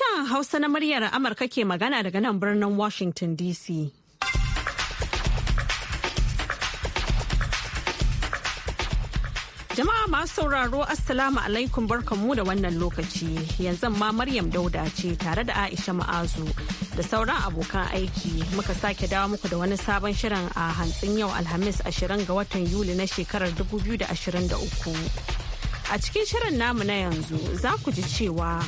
Sashen Hausa na muryar Amurka ke magana daga nan birnin Washington DC. Jama'a masu sauraro Assalamu alaikum barkanmu da wannan lokaci. Yanzu ma Maryam Dauda ce tare da Aisha Ma'azu da sauran abokan aiki muka sake dawo muku da wani sabon shirin a hantsin yau Alhamis 20 ga watan Yuli na shekarar 2023. A cikin shirin namu na yanzu za ku ji cewa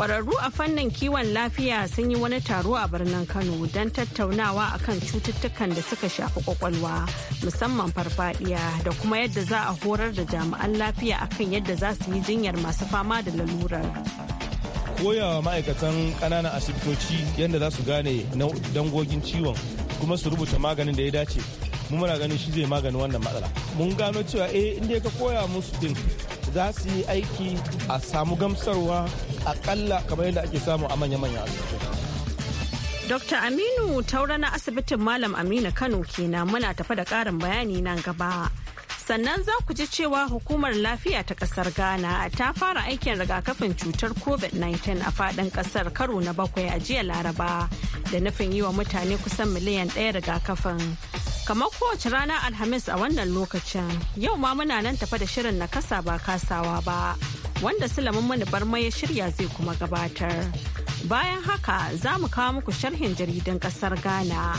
Kwararru a fannin kiwon lafiya sun yi wani taro a birnin Kano don tattaunawa akan cututtukan da suka shafi kwakwalwa musamman farfadiya da kuma yadda za a horar da jami'an lafiya akan yadda za su yi jinyar masu fama da lalurar. Koyawa ma'aikatan kananan asibitoci yadda za su gane dangogin ciwon kuma su rubuta maganin da ya dace mu muna ganin shi zai magani wannan matsala mun gano cewa eh inda ka koya musu din za su yi aiki a samu gamsarwa akalla kamar yadda ake samu a manya-manyan Dr. Aminu taura na asibitin Malam Aminu Kano kenan muna tafa da ƙarin bayani nan gaba. Sannan za ku ji cewa hukumar lafiya ta ƙasar Ghana ta fara aikin rigakafin cutar COVID-19 a faɗin ƙasar karo na bakwai a jiya Laraba da nufin yi wa mutane kusan miliyan ɗaya rigakafin. Kamar kowace rana Alhamis a wannan lokacin, yau ma muna nan tafa da shirin na kasa ba kasawa ba. wanda Sulaiman Manubar ya shirya zai kuma gabatar. Bayan haka za mu kawo muku sharhin jaridan kasar Ghana.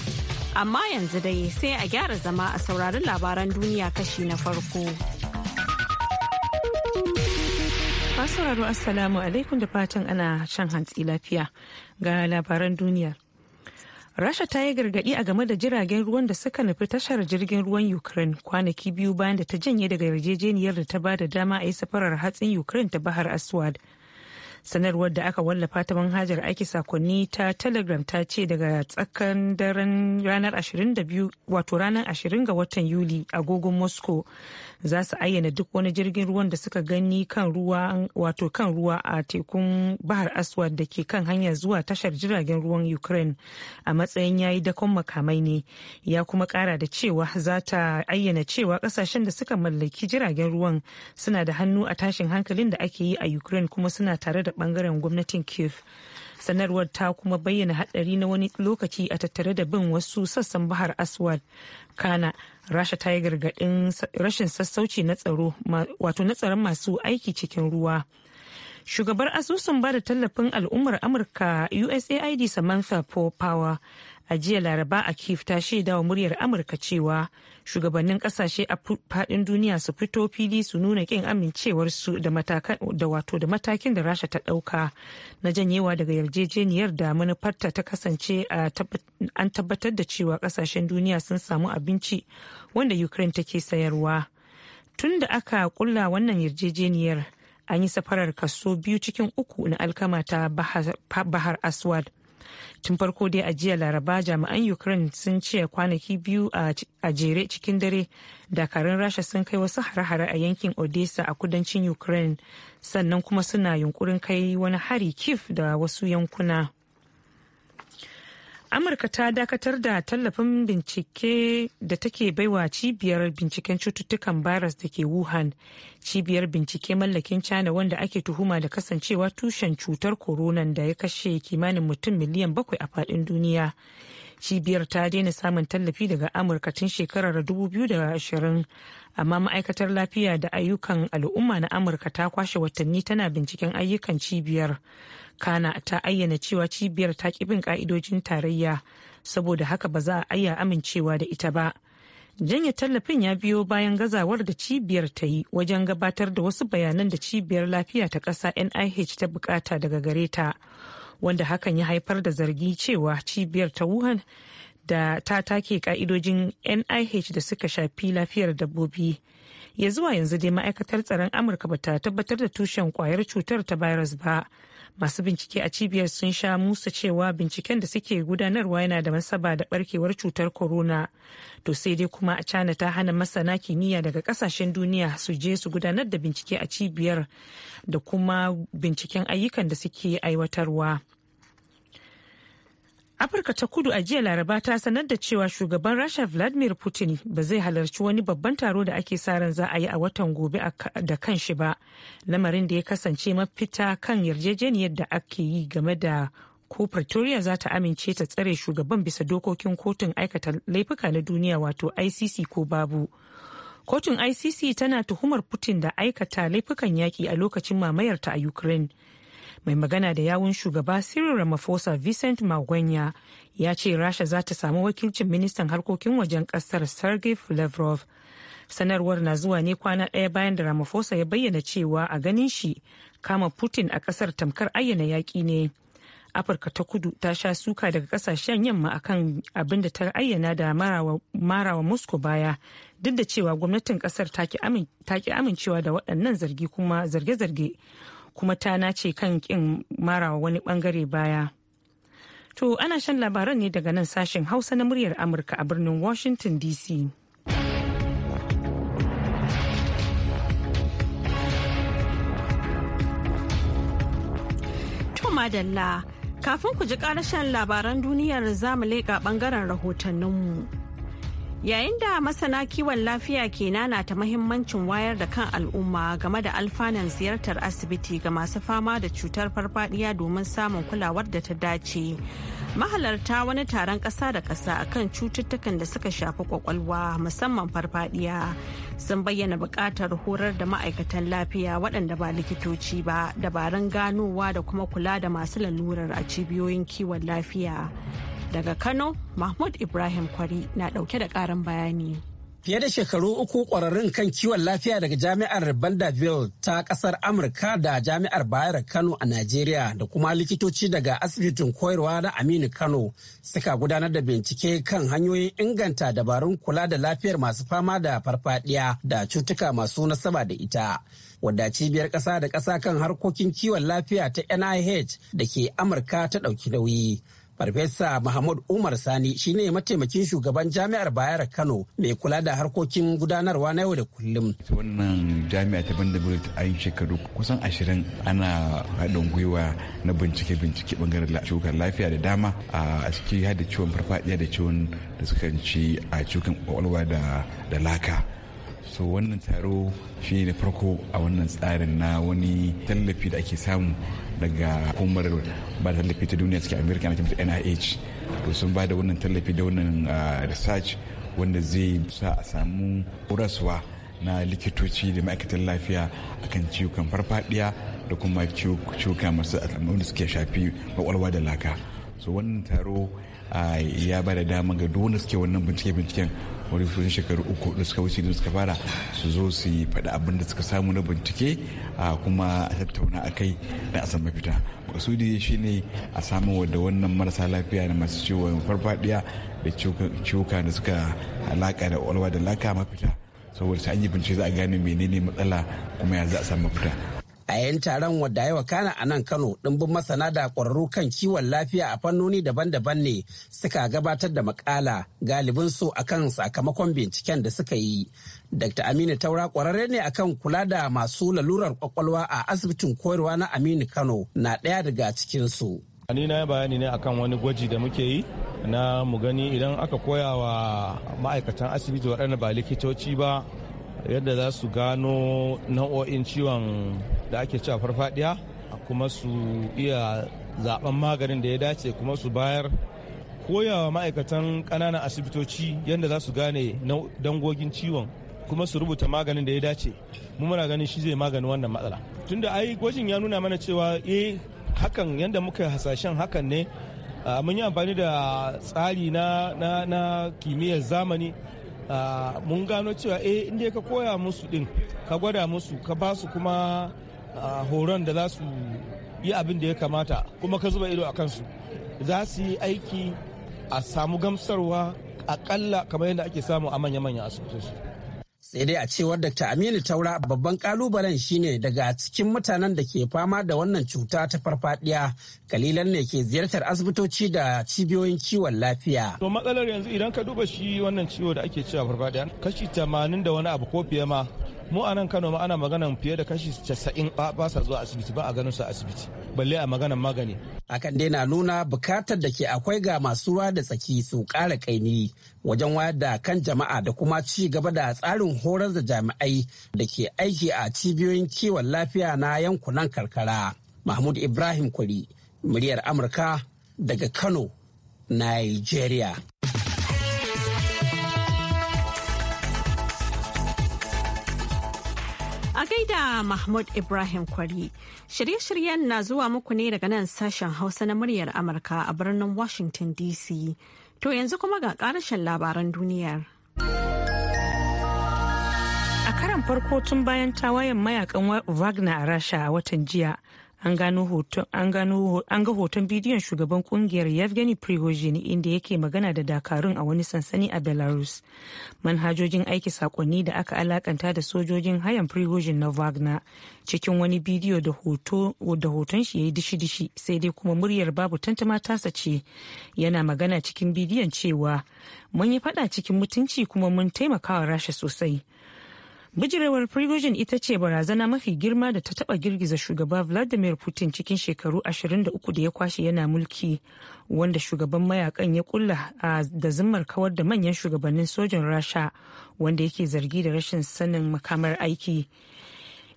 Amma yanzu dai sai a gyara zama a sauraron labaran duniya kashi na farko. Masu sauraro Assalamu alaikum da fatan ana shan hantsi lafiya ga labaran duniya rasha ta yi gargaɗi a game da jiragen ruwan da suka nufi tashar jirgin ruwan ukraine kwanaki biyu bayan da ta janye daga yarjejeniyar da ta ba da dama a yi safarar hatsin ukraine ta bahar aswad sanarwar da aka wallafa ta manhajar aiki sakonni ta telegram ta ce daga tsakan daren ranar 22 wato ranar 20 ga watan yuli a agogon moscow za su ayyana duk wani jirgin ruwan da suka gani kan ruwa wato kan ruwa a tekun bahar aswad da ke kan hanya zuwa tashar jiragen ruwan ukraine a matsayin yayi dakon makamai ne ya kuma kara da cewa za ta ayyana cewa kasashen da suka mallaki jiragen ruwan suna da hannu a tashin hankalin da ake yi a ukraine kuma suna tare da bangaren gwamnatin kiev sanarwar ta kuma bayyana hadari na wani lokaci a tattare da bin wasu sassan bahar aswad kana rasha ta yi gargadin rashin sassauci na tsaro wato na tsaron masu aiki cikin ruwa shugabar asusun ba da tallafin al'ummar amurka usaid samantha power a jiya laraba a kif ta shaida wa muryar amurka cewa shugabannin kasashe a fadin duniya su fito fili su nuna kin amincewarsu da wato da matakin da rasha ta dauka na janyewa daga yarjejeniyar da manufarta ta kasance an tabbatar da cewa kasashen duniya sun samu abinci wanda ukraine take sayarwa tun da aka kulla wannan yarjejeniyar an yi safarar kaso biyu cikin uku na alkama ta bahar aswad tun farko dai a jiya laraba jami'an ukraine sun ce kwanaki biyu a jere cikin dare dakarun rasha sun kai wasu hare-hare a yankin odessa a kudancin ukraine sannan kuma suna yunkurin kai wani hari kif da wasu yankuna amurka ta dakatar da tallafin bincike da take baiwa cibiyar binciken cututtukan virus da ke wuhan cibiyar bincike mallakin china wanda ake tuhuma da kasancewa tushen cutar koronan da ya kashe kimanin mutum miliyan bakwai a faɗin duniya cibiyar ta daina samun tallafi daga amurka tun shekarar 2020 amma ma'aikatar lafiya da ayyukan al'umma na amurka ta kwashe watanni tana binciken ayyukan cibiyar kana ta ayyana cewa cibiyar ta ki bin ka'idojin tarayya saboda haka ba za a iya amincewa da ita ba janye tallafin ya biyo bayan gazawar da cibiyar ta yi wajen gabatar da wasu bayanan da cibiyar lafiya ta ƙasa nih ta bukata daga gareta. wanda hakan ya haifar da zargi cewa cibiyar ta wuhan da ta take ka'idojin nih da suka shafi lafiyar dabbobi ya zuwa yanzu dai ma'aikatar tsaron amurka ba ta tabbatar da tushen kwayar cutar ta virus ba masu bincike a cibiyar sun sha musa cewa binciken da suke gudanarwa yana da masaba da barkewar cutar corona to sai dai kuma a cana ta hana masana kimiyya daga kasashen duniya su je su gudanar da bincike a cibiyar da kuma binciken ayyukan da suke aiwatarwa Afirka ta kudu a jiya laraba ta sanar da cewa shugaban Rasha Vladimir Putin ba zai halarci wani babban taro da ake sa ran za a yi a watan gobe da kanshi ba, lamarin da ya kasance mafita kan yarjejeniyar da ake yi game da ko Pretoria za ta amince ta tsare shugaban bisa dokokin kotun aikata laifuka na duniya wato ICC ko babu. Kotun ICC tana tuhumar Putin da aikata laifukan yaƙi a lokacin mamayarta a Ukraine. mai magana da yawun shugaba cyril ramaphosa vincent magwanya ya ce rasha za ta samu wakilcin ministan harkokin wajen kasar sergei lavrov sanarwar na zuwa ne kwana ɗaya bayan da ramaphosa ya bayyana cewa a ganin shi kama putin a kasar tamkar ayyana yaƙi ne afirka ta kudu ta sha suka daga kasashen yamma akan abin da ta ayyana da marawa moscow baya duk da cewa gwamnatin kasar ta ki amincewa da waɗannan zargi kuma zarge-zarge kuma ta nace kan kin mara wani bangare baya. To ana shan labaran ne daga nan sashen Hausa na muryar Amurka a birnin Washington DC. To madalla kafin ku ji karashen labaran duniyar zamu leƙa bangaren rahotanninmu. Yayin da masana kiwon lafiya ke ta mahimmancin wayar da kan al'umma game da alfanan ziyartar asibiti ga masu fama da cutar farfadiya domin samun kulawar da ta dace. Mahalarta wani taron ƙasa da ƙasa kan cututtukan da suka shafi kwakwalwa musamman farfadiya sun bayyana buƙatar horar da ma'aikatan lafiya waɗanda ba likitoci ba dabarun ganowa da kuma kula da masu lalurar a cibiyoyin kiwon lafiya. Daga Kano, Mahmud Ibrahim Kwari na dauke da karin bayani. Fiye da shekaru uku ƙwararrun kan kiwon lafiya daga jami'ar Vanderbilt ta ƙasar Amurka da jami'ar Bayar Kano a Najeriya da kuma likitoci daga asibitin koyarwa na Aminu Kano suka gudanar da bincike kan hanyoyin inganta dabarun kula da lafiyar masu fama da farfadiya da cutuka masu nasaba da ita. wadda cibiyar ƙasa da ƙasa kan harkokin kiwon lafiya ta nih da ke amurka ta ɗauki nauyi Farfesa Mahmud Umar Sani shine mataimakin shugaban jami'ar Bayar Kano mai kula da harkokin gudanarwa na yau da kullum. Wannan jami'a ta banda Bandabulit a yin shekaru kusan ashirin ana haɗin gwiwa na bincike-bincike bangaren cutar lafiya da dama a ciki har da ciwon farfadiya da ciwon da suka ci a cikin kwakwalwa da laka. so wannan taro shi ne farko a wannan tsarin na wani tallafi da ake samu daga hukumar ba da tallafi ta duniya suke amerika na kimta nih to sun ba da wannan tallafi da wannan ah, research wanda zai sa a samu kurasuwa na likitoci da ma'aikatan lafiya akan ciwukan farfadiya da kuma ciwuka masu wanda suke shafi kwakwalwa da laka so wannan taro ah, ya ba da dama ga duk wanda suke wannan bincike-binciken wani sun shekaru uku da suka wuce da suka fara su zo su yi faɗi abin da suka samu na bincike a kuma a tattauna a kai da a san mafita makasudi shi ne a samu wadda wannan marasa lafiya na masu ciwon farfadiya da ciwuka da suka alaka da walwa da laka mafita saboda sai an yi bincike za a gane menene matsala kuma ya za a samu mafita a yayin taron wadda yawa kana a nan kano ɗimbin masana da ƙwararru kan kiwon lafiya a fannoni daban-daban ne suka gabatar da makala galibin su akan sakamakon binciken da suka yi dr aminu taura ƙwararre ne akan kula da masu lalurar kwakwalwa a asibitin koyarwa na aminu kano na ɗaya daga cikin su ni na bayani ne akan wani gwaji da muke yi na mu gani idan aka koya wa ma'aikatan asibiti waɗanda ba likitoci ba yadda za su gano nau'o'in ciwon da ake cewa farfadiya kuma su iya zaben maganin da ya dace kuma su bayar koyawa ma'aikatan ƙananan asibitoci yadda za su gane dangogin ciwon kuma su rubuta maganin da ya dace mu muna ganin shi zai magani wannan matsala tunda ai gwajin ya nuna mana cewa eh hakan yadda muka hasashen hakan ne ah, mun yi amfani da tsari na na kimiyyar zamani ah, mun gano cewa e eh, inda ka koya musu din ka gwada musu ka ba su kuma horon da za su yi abin da ya kamata kuma ka zuba ido a kansu za su yi aiki a samu gamsarwa akalla kamar yadda ake samu a manya-manyan asibitoci. sai dai a cewar dr aminu taura babban kalubalen shine daga cikin mutanen da ke fama da wannan cuta ta farfadiya kalilan ne ke ziyartar asibitoci da cibiyoyin kiwon lafiya to matsalar yanzu idan ka duba shi wannan ciwo da ake cewa farfadiya kashi tamanin da wani abu ko fiye ma mu a nan kano ma ana magana fiye da kashi casa'in ba sa zuwa asibiti ba a ganin su asibiti balle a maganan magani akan dai na nuna bukatar da ke akwai ga masu ruwa da tsaki su kara kaini wajen wayar da kan jama'a da kuma ci gaba da tsarin horar da jami'ai da ke aiki a cibiyoyin kiwon lafiya na yankunan karkara mahmud ibrahim kuri muryar amurka daga kano nigeria A gaida Mahmud Ibrahim Kwari, shirye-shiryen na zuwa muku ne daga nan sashen Hausa na muryar Amurka a birnin Washington DC. To yanzu kuma ga ƙarashen labaran duniyar. A karan farko tun bayan tawayen mayakan Wagner a Rasha a watan jiya, an ga hoton bidiyon shugaban kungiyar yevgeny prigozhin inda yake magana da dakarun a wani sansani a belarus manhajojin aiki sakonni da aka alakanta da sojojin hayan prigozhin na wagner cikin wani bidiyo da hoton shi ya yi dishi-dishi sai dai kuma muryar babu tantama tasa ce yana magana cikin bidiyon cewa mun yi fada cikin mutunci kuma mun taimakawa rasha sosai bijirewar prigozhin ita ce barazana mafi girma da ta taba girgiza shugaba vladimir putin cikin shekaru 23 da ya kwashe yana mulki wanda shugaban mayakan ya kulla da zimmar kawar da manyan shugabannin sojin rasha wanda yake zargi da rashin sanin makamar aiki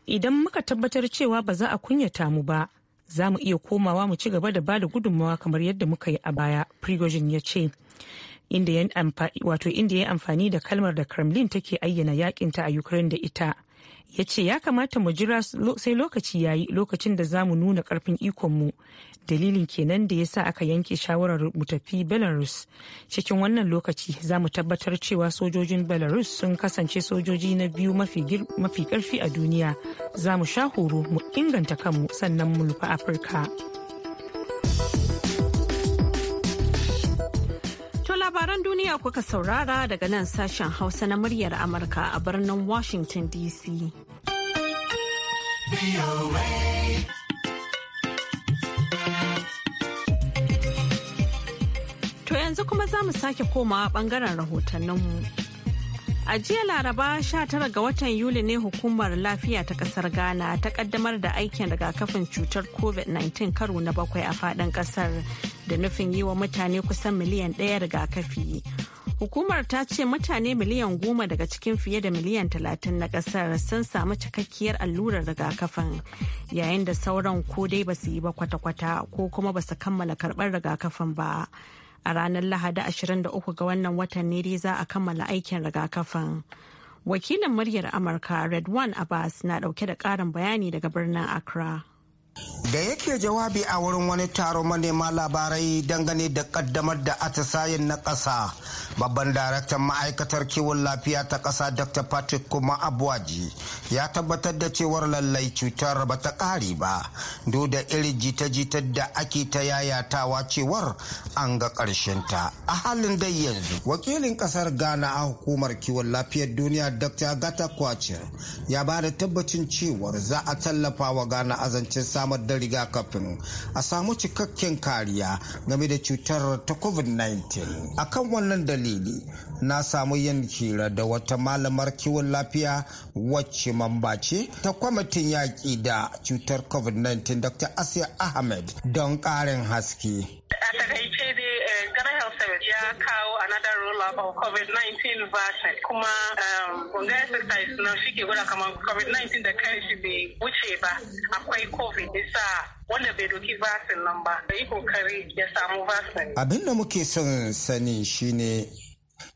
idan muka tabbatar cewa ba za a kunyata mu ba za mu iya komawa mu ci gaba da ba da gudunmawa kamar yadda muka yi a baya prigozhin ya ce inda ya yi amfani da kalmar da kremlin take ayyana yakinta a ukraine da ita ya ce ya kamata mu jira sai lokaci ya yi lokacin da za mu nuna karfin ikonmu dalilin kenan da ya sa aka yanke shawarar mu tafi belarus cikin wannan lokaci za mu tabbatar cewa sojojin belarus sun kasance sojoji na biyu mafi karfi a duniya za mu sha horo mu inganta kanmu sannan mu nufi afirka. duniya kuka saurara daga nan sashen Hausa na muryar Amurka a birnin Washington DC. To yanzu kuma za mu sake komawa bangaren rahotanninmu. A jiya Laraba 19 ga watan Yuli ne hukumar lafiya ta kasar Ghana ta kaddamar da aikin rigakafin cutar COVID-19 karo na bakwai a fadin kasar da nufin yi wa mutane kusan miliyan ɗaya rigakafi. Hukumar ta ce mutane miliyan goma daga cikin fiye da miliyan talatin na ƙasar sun samu cikakkiyar allurar rigakafin yayin da sauran ko dai ba su yi ba kwata-kwata ko kuma ba su kammala karɓar rigakafin ba. A ranar Lahadi 23 ga wannan watan ne dai za a kammala aikin rigakafin. Wakilin muryar Amurka red Redwan Abbas na ɗauke da ƙarin bayani daga birnin Accra. da yake jawabi a wurin wani taron manema labarai dangane da kaddamar da atisayen na ƙasa babban daraktan ma'aikatar kiwon lafiya ta ƙasa dr patrick kuma abuwaji ya tabbatar da cewar lallai cutar ba ta ƙari ba duk da irin jita-jitar da ake ta yayatawa cewar an ga ta. a halin dai yanzu wakilin ƙasar ghana a hukumar kiwon lafiyar duniya dr agatha kwace ya ba da tabbacin cewar za a tallafa wa ghana azancin samar da rigakafin a samu cikakken kariya game da cutar ta covid-19 akan wannan dalili na samu yin hira da wata malamar kiwon lafiya wacce mamba ce ta kwamitin yaƙi da cutar covid-19 dr asiya ahmed don ƙarin haske a takaice dai eh, ya kawo another roll-up of COVID-19 vaccine kuma um, kunga exercise na shi ke gwada kamar COVID-19 da kan shi bai wuce ba akwai COVID isa wanda bai doki vaccine nan ba da yi kokari ya samu vaccine. Abin da muke son sani shine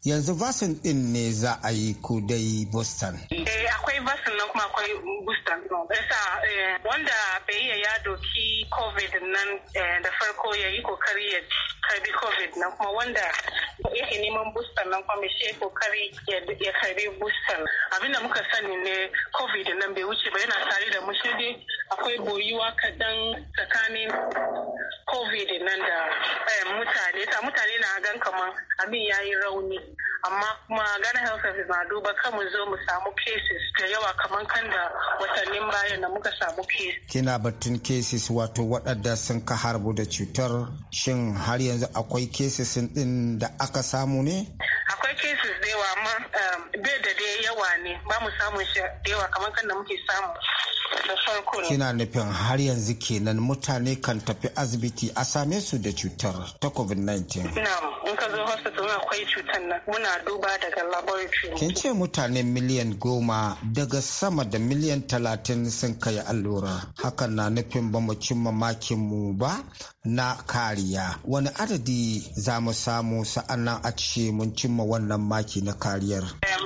yanzu vaccine din ne za a yi ko dai boston eh, akwai vaccine nan kuma akwai boston nan. Eh, wanda bai iya ya doki covid nan eh, da farko ya yi kokari ya karbi covid nan kuma wanda yake neman booster nan kuma shi ya kokari ya karbi booster abinda muka sani ne covid nan bai wuce ba yana tare da mu shi akwai boyuwa kaɗan tsakanin covid nan da eh, mutane ta mutane na gan kamar abin ya yi rauni amma kuma gana Health Service na duba kan mu zo mu samu cases da yawa kamar kan da watannin bayan da muka samu cases. Kina batun cases wato waɗanda sun ka harbu da cutar shin har yanzu akwai cases din da aka samu ne? Akwai cases da yawa amma eh, bai da dai yawa ne ba mu samun shi da yawa kamar kan da muke samu kina nufin har yanzu kenan mutane kan tafi asibiti a same su da cutar ta covid-19 in ka zo hospital akwai cutar nan muna duba daga laboratory kin ce mutane miliyan goma daga sama da miliyan talatin sun kai allura hakan na nufin ba mu cimma makin mu ba na kariya wani adadi za mu samu sa'annan a ce mun cimma wannan maki na kariyar eh,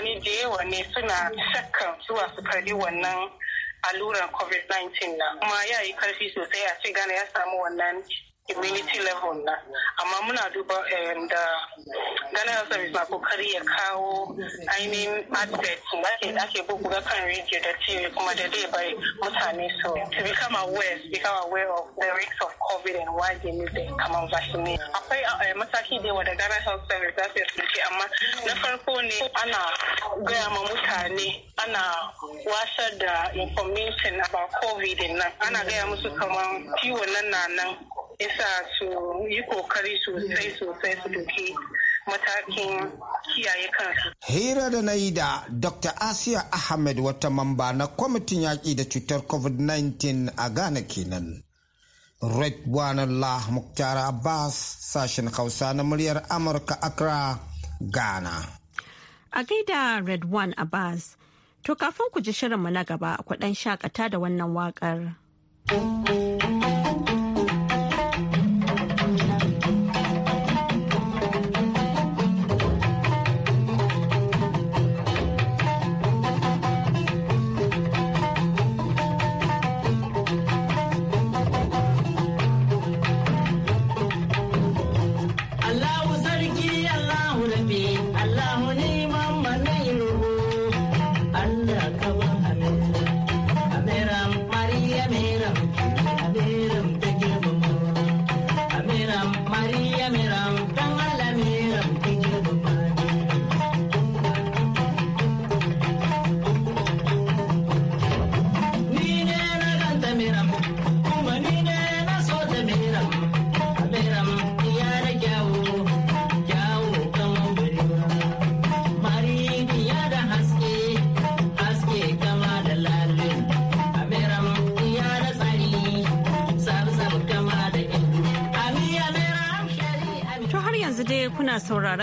mutane da yawa ne suna shakkan zuwa su karbi wannan alluran covid-19 na kuma ya yi karfi sosai a ce gane ya samu wannan immunity level na amma muna duba eh, da Ghana Health Service na kokari ya kawo ainihin advert da ake bubuga kan radio da TV kuma da dai bai mutane so to become aware to become aware of the risks of COVID and why they need the common vaccine akwai eh, mataki da yawa da Ghana Health Service za su yi amma na farko ne ana gaya ma mutane ana wasar da information about COVID nan ana gaya musu kamar ciwon nan na nan isa su yi kokari sosai sosai su doke matakin kiyaye kansu. Hira da na yi da Dr. Asiya Ahmed wata mamba na kwamitin yaƙi da cutar COVID-19 a Ghana kenan. Red Allah Muktar Abbas sashen Hausa na muryar Amurka Accra, Ghana. A gaida Red One Abbas, to kafin ku ji shirinmu na gaba ku ɗan shakata da wannan waƙar.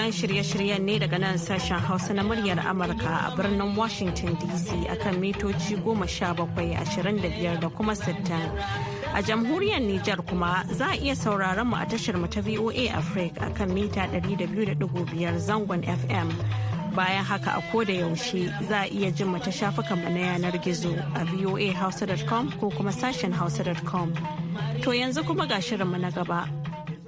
sauraron shirye-shiryen ne daga nan sashen Hausa na muryar Amurka a birnin Washington DC akan mitoci bakwai ashirin da kuma 60. A jamhuriyar Nijar kuma za a iya sauraron mu a tashar mu ta VOA Africa akan mita 200.5 zangon FM. Bayan haka a koda yaushe za a iya jin mu ta shafukanmu na yanar gizo a voahausa.com ko kuma sashen hausa.com. To yanzu kuma ga shirinmu na gaba.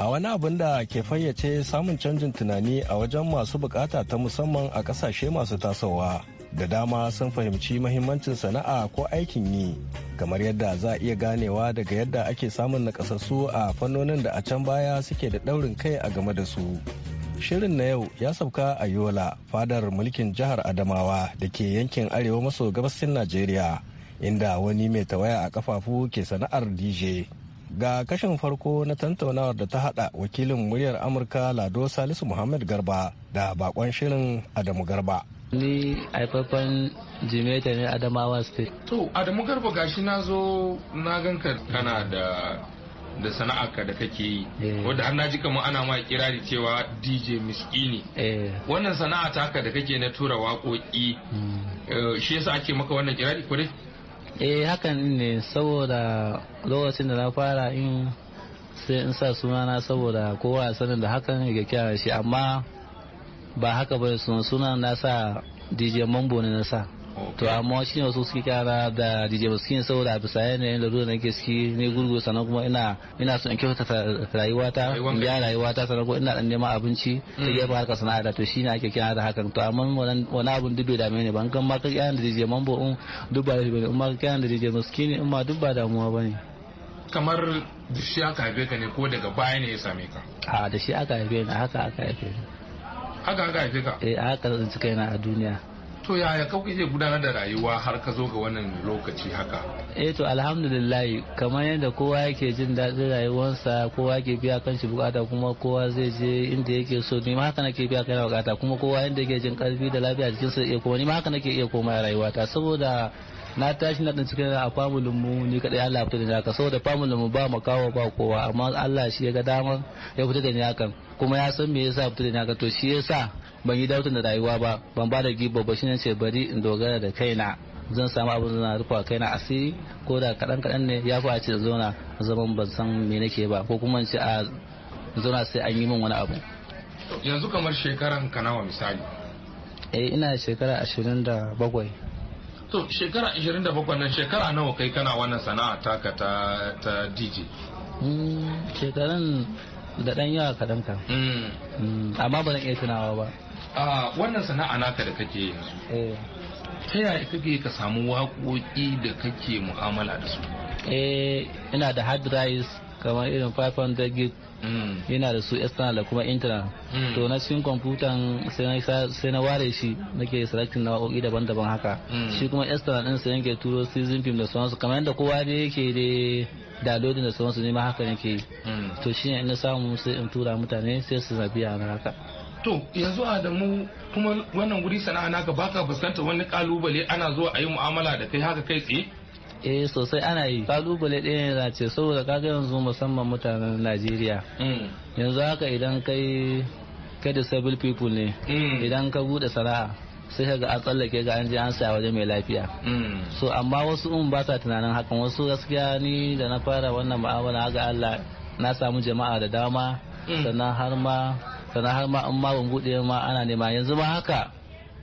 a wani abin da ke fayyace samun canjin tunani a wajen masu bukata ta musamman a kasashe masu tasowa da dama sun fahimci mahimmancin sana'a ko aikin yi kamar yadda za a iya ganewa daga yadda ake samun nakasassu a fannonin da a can baya suke da daurin kai a game da su shirin na yau ya sauka a yola fadar mulkin jihar adamawa da ke yankin arewa maso gabasin najeriya inda wani mai tawaya a kafafu ke sana'ar dj ga kashin farko na tantaunawar da ta hada wakilin muryar amurka lado salisu muhammad garba da bakon shirin adamu garba ni haifafan jimeta ne adamawa state to adamu garba gashi na zo na ganka kana da da sana'arka da kake yi eh. wadda har naji kamar ana ma kirari cewa DJ Miskini eh. wannan sana'a taka da kake na tura waƙoƙi mm. eh, shi yasa ake maka wannan kirari ko dai eh hakan ne saboda lokacin da na fara in sai in sa sunana saboda kowa a sanin da hakan ya kyawar shi amma ba haka ba sunan na sa dj mambo ne na sa to amma shi ne wasu suke kara da DJ Baskin saboda bisa yanayin larura na gaski ne gurgu sannan kuma ina ina son in kyautata rayuwata ya rayuwata sannan kuma ina dan neman abinci ta mm. gefen harkar sana'a da to shi ne ake kira da hakan to amma wani abun duk bai dame ne ban kan ma kan da DJ Mambo in duk ba da in ma kan da DJ Baskin in ma duk ba damuwa kamar da shi aka haife ka ne ko daga baya ne ya same ka a da shi aka haife ni haka aka haife ni haka aka haife ka eh haka zan kai na a duniya to yaya kauki zai gudanar da rayuwa har ka zo ga wannan lokaci haka eh to alhamdulillah kamar yadda kowa yake jin daɗin rayuwarsa kowa yake biya kan shi bukata kuma kowa zai je inda yake so ni ma haka nake biya kan bukata kuma kowa inda yake jin karfi da lafiya jikinsa iya kuma ni ma haka nake iya koma rayuwata saboda na tashi na dan cikin a famulin mu ni kadai Allah fita da ni haka saboda famulin mu ba makawa ba kowa amma Allah shi ya ga dama ya fita da ni hakan kuma ya san me yasa fita da ni haka to shi yasa ban yi dautin da rayuwa ba ban ba da gibo ba shine ce bari in dogara da kaina zan samu abin zana rufa kaina asiri ko da kaɗan kaɗan ne ya fi a ce zauna zaman ban san me nake ba ko kuma ce a zauna sai an yi min wani abu yanzu kamar shekaran ka nawa misali eh ina shekara ashirin da bakwai to shekara ashirin da bakwai nan shekara nawa kai kana wannan sana'a taka ta ta dj hmm, shekaran da ɗan yawa kaɗan ka hmm. hmm, amma ba zan iya tunawa ba a wannan sana'a naka da kake yanzu eh. ta yaya kake ka samu waƙoƙi da kake mu'amala da su eh ina da hard drives kamar irin 500 gig yana mm. da su external da kuma internal mm. to na cikin kwamfutan sai na ware shi nake selecting na waƙoƙi daban-daban haka mm. shi kuma external din sai yanke turo season film da sauransu kamar yadda kowa ne yake da downloading da sauransu ne ma haka yake to shine ne ina samu sai in tura mutane sai su zabi a haka to yanzu adamu kuma wannan wuri sana'a naka baka fuskantar wani kalubale ana zuwa a yi mu'amala da kai haka kai tsaye eh sosai ana yi kalubale ɗaya ne za ce saboda kaga yanzu musamman mutanen najeriya mm. yanzu haka idan kai kai disabled people ne mm. idan ka bude sana'a sai ka ga an tsallake ga an je an saya waje mai lafiya mm. so amma wasu un ba sa tunanin hakan wasu gaskiya ni da na fara wannan mu'amala ga Allah na samu jama'a da dama sannan har ma sannan har ma an ma ban bude ma ana nema yanzu ma haka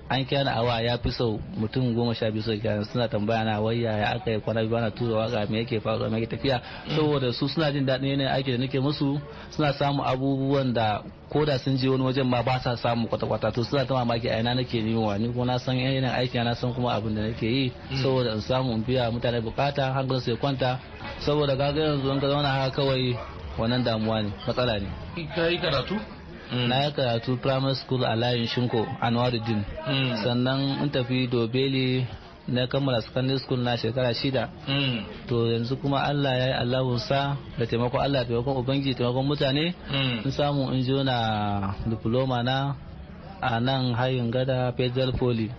an kira awa ya fi sau mutum goma sha biyu sau kira suna tambaya na waya ya aka yi kwana biyu ana tura waka me yake faruwa me yake tafiya saboda su suna jin daɗin yanayin aiki da nake musu suna samun abubuwan da ko da sun je wani wajen ma ba sa samu kwata-kwata to suna ta mamaki a ina nake wa ni ko na san yanayin aiki na san kuma abin da nake yi mm. saboda in samu in biya mutane bukata hankalin su ya kwanta saboda gaga yanzu in ka zauna haka kawai wannan damuwa ne matsala ne. Kai karatu? Mm. na yi karatu primary school a layin shinko anwaruddin mm. sannan in tafi dobeli na kammala secondary school na shekara shida mm. to yanzu kuma allah ya yi allahunsa da taimakon allah taimakon ubangiji taimakon mutane in samu in ji na diploma na a nan hayin gada federal poly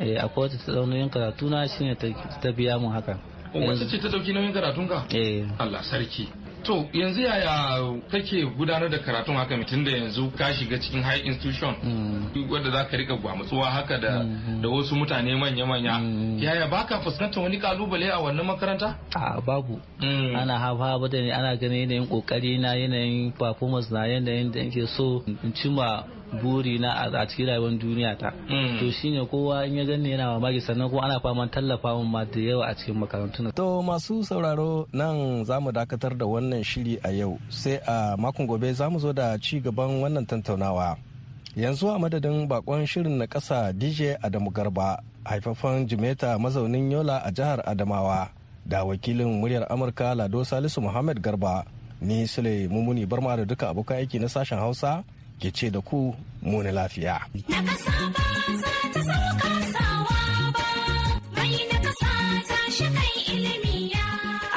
eh, a kowace tsaunoyin karatu na shine ta biya mu haka wacce ce ta dauki nauyin karatunka? eh Allah sarki To yanzu yaya kake gudanar da karatun haka mutum da yanzu ka shiga cikin high institution mm. wadda za ka rika gwamutsuwa haka mm-hmm. da wasu mutane manya-manya. Mm-hmm. Yaya baka fuskantar wani kalubale a wannan makaranta? A babu. Mm. Ana ba da ne ana ganin yanayin kokari na yanayin performance na yanayin da yake so in cima buri na a cikin rayuwar duniya ta hmm. to shine kowa in ya gani yana mamaki sannan kuma ana fama tallafa mun ma da yawa a cikin makarantun to masu sauraro nan zamu dakatar da wannan shiri a yau sai a makon gobe zamu zo da ci gaban wannan tattaunawa yanzu a madadin bakon shirin na kasa dj adamu garba haifafan jimeta mazaunin yola a jihar adamawa da wakilin muryar amurka lado salisu muhammad garba ni sule mumuni barma da duka abokan aiki na sashen hausa ke ce da ku na lafiya.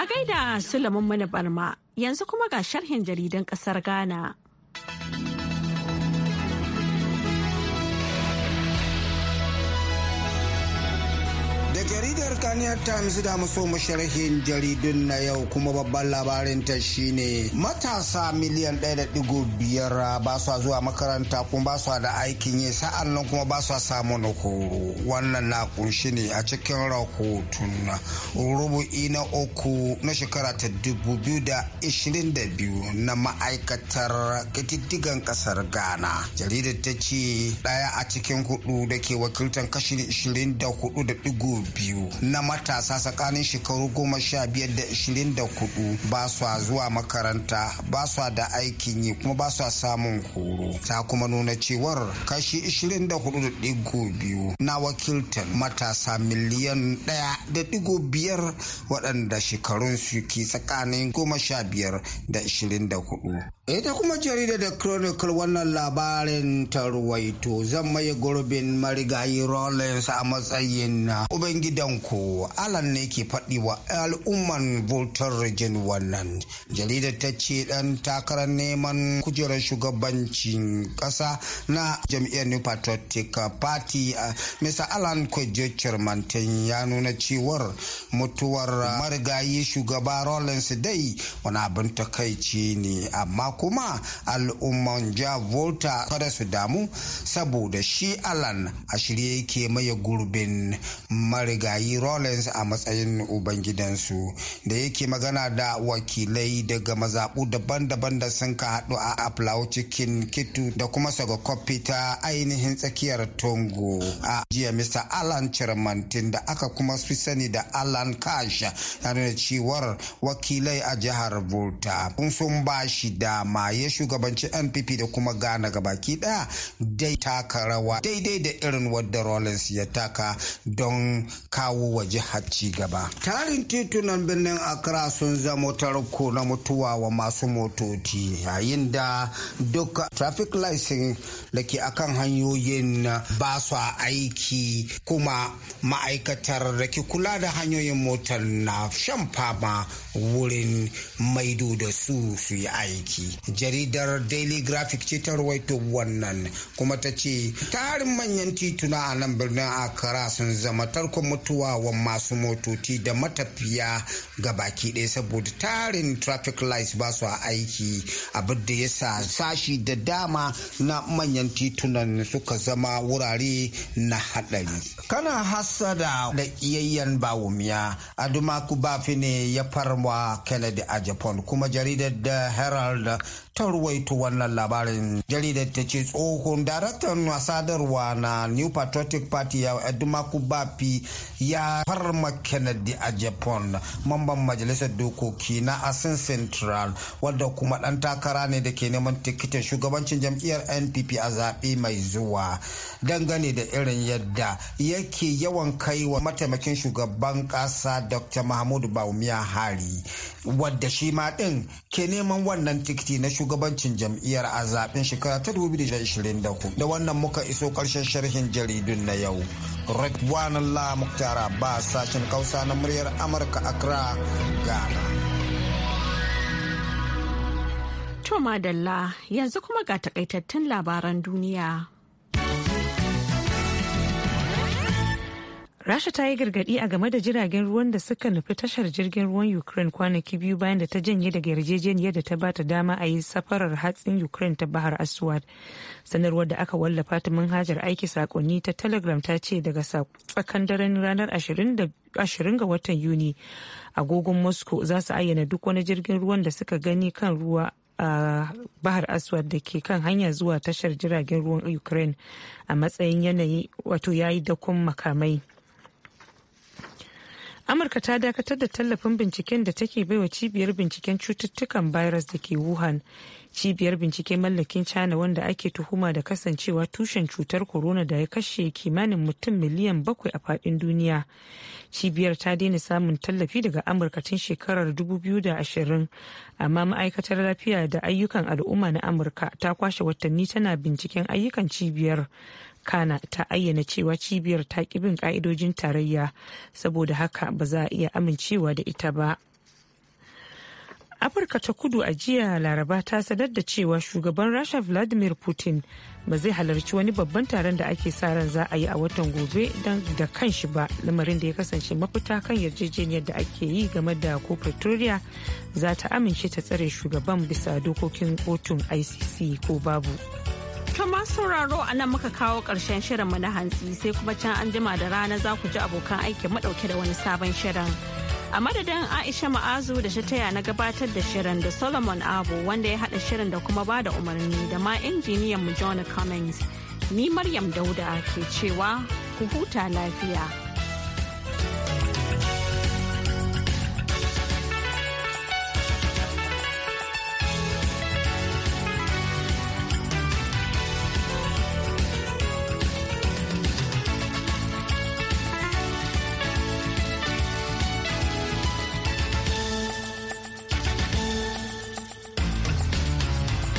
A gaida Sulaiman Mana Barma yanzu kuma ga sharhin jaridan ƙasar Ghana. Kaniyar Times da maso masharhin jaridun na yau kuma babban labarin ta shine matasa miliyan 1.5 ba su zuwa makaranta kuma ba su da aikin yi sa'an nan kuma ba su samun horo. Wannan na kunshi ne a cikin rahoton na rubu'i na uku na shekara ta 2022 na ma'aikatar ƙididdigan ƙasar Ghana. Jaridar ta ce ɗaya a cikin hudu da ke wakiltar kashi 24.2 na matasa tsakanin shekaru goma sha biyar da ishirin da kudu ba su zuwa makaranta ba su da aikin yi kuma ba su samun horo ta kuma nuna cewar kashi ishirin da hudu da digo biyu na wakiltan matasa miliyan daya da digo biyar waɗanda shekarun su ke tsakanin goma sha biyar da ishirin da hudu ita kuma jarida da chronicle wannan labarin ta ruwaito zan maye gurbin marigayi rollins a matsayin ubangidanku alan ne ke faɗi wa al'umman voltar region wannan jaridar ta ce ɗan takarar neman kujerar shugabancin ƙasa na jam'iyyar new patriotic party mr alan kwajo cirmantin ya nuna cewar mutuwar marigayi shugaba rollins dai wani abin takaici ne amma kuma al'umman ja volta kada su damu saboda shi alan a shirye yake maye gurbin marigayi Rawlings a matsayin ubangidansu da yake magana da wakilai daga mazaɓu daban-daban da sun ka haɗu a Aplau cikin Kitu da kuma Sogokopi ta ainihin tsakiyar Tongo a jiya Mr. Alan Chirmantin da aka kuma fi sani da Alan kasha ya da cewar wakilai a jihar Volta sun ba shi dama ya shugabanci NPP da kuma Ghana gabaki daya dai taka rawa daidai da irin wadda Rawlings ya taka don kawo wa jihar ci gaba. Tarin titunan birnin Accra sun zama tarko na mutuwa wa masu motoci yayin da duk traffic lights da ke akan hanyoyin ba su aiki kuma ma'aikatar da ke kula da hanyoyin motar na shan fama wurin maido da su su yi aiki. Jaridar Daily Graphic ce ta rawaito wannan kuma ta ce tarin manyan tituna a nan birnin Accra sun zama tarkon mutuwa wa rayuwar masu motoci da matafiya ga baki ɗaya saboda tarin traffic lights ba su a aiki abin da ya sa sashi da dama na manyan titunan suka zama wurare na haɗari. Kana hasada da iyayen bawumiya Adumaku Bafi ne ya farwa Kennedy a Japan kuma jaridar da Herald ta ruwaito wannan labarin. Jaridar ta ce tsohon daraktan sadarwa na New Patriotic Party ya Adumaku Bafi ya farma kennedy a japan mamban majalisar dokoki na asin central wadda kuma dan takara ne da ke neman tikitin shugabancin jam'iyyar npp a zaɓe mai zuwa dangane da irin yadda yake yawan kai wa mataimakin shugaban ƙasa dr mahmud baumia hari wadda shi ma ɗin ke neman wannan tikiti na shugabancin jam'iyyar a zaɓen shekara ta 2024 da wannan muka iso ƙarshen sharhin jaridun na yau Rekwanan La Muktara a sashen kausa na muryar amurka accra ghana to madalla yanzu kuma ga takaitattun labaran duniya Rasha ta yi gargaɗi a game da jiragen ruwan da suka nufi tashar jirgin ruwan Ukraine kwanaki biyu bayan da ta janye daga yarjejeniyar da ta ba ta dama a yi safarar hatsin Ukraine ta Bahar Aswad. sanarwar da aka wallafa ta manhajar aiki sakonni ta telegram ta ce daga tsakan daren ranar 20 ga watan yuni agogon moscow za su ayyana duk wani jirgin ruwan da suka gani kan ruwa a bahar aswad da ke kan hanya zuwa tashar jiragen ruwan ukraine a matsayin yanayi wato yayi dakon makamai amurka ta dakatar da tallafin binciken da take baiwa cibiyar binciken cututtukan virus da ke wuhan cibiyar bincike mallakin china wanda ake tuhuma da kasancewa tushen cutar corona da ya kashe kimanin mutum miliyan bakwai a fadin duniya cibiyar ta daina samun tallafi daga amurka tun shekarar 2020 amma ma'aikatar lafiya da ayyukan al'umma na amurka ta kwashe watanni tana binciken ayyukan cibiyar kana ta ayyana cewa cibiyar ta ki bin ka'idojin tarayya saboda haka ba za a iya amincewa da ita ba afirka ta kudu a jiya laraba ta sanar da cewa shugaban rasha vladimir putin ba zai halarci wani babban taron da ake sa ran za a yi a watan gobe don da kanshi ba lamarin da ya kasance mafita kan yarjejeniyar da ake yi game da ko pretoria za ta amince ta tsare shugaban bisa dokokin kotun icc ko babu. To ma sauraro a nan muka kawo ƙarshen shirinmu na hantsi sai kuma can an jima da rana za ku ji abokan aiki maɗauke da wani sabon shirin. A madadin Aisha Ma'azu da ta taya na gabatar da shirin da Solomon Abu wanda ya haɗa shirin da kuma ba da umarni da ma injiniyan mu John Cummings. Ni Maryam Dauda ke cewa ku huta lafiya.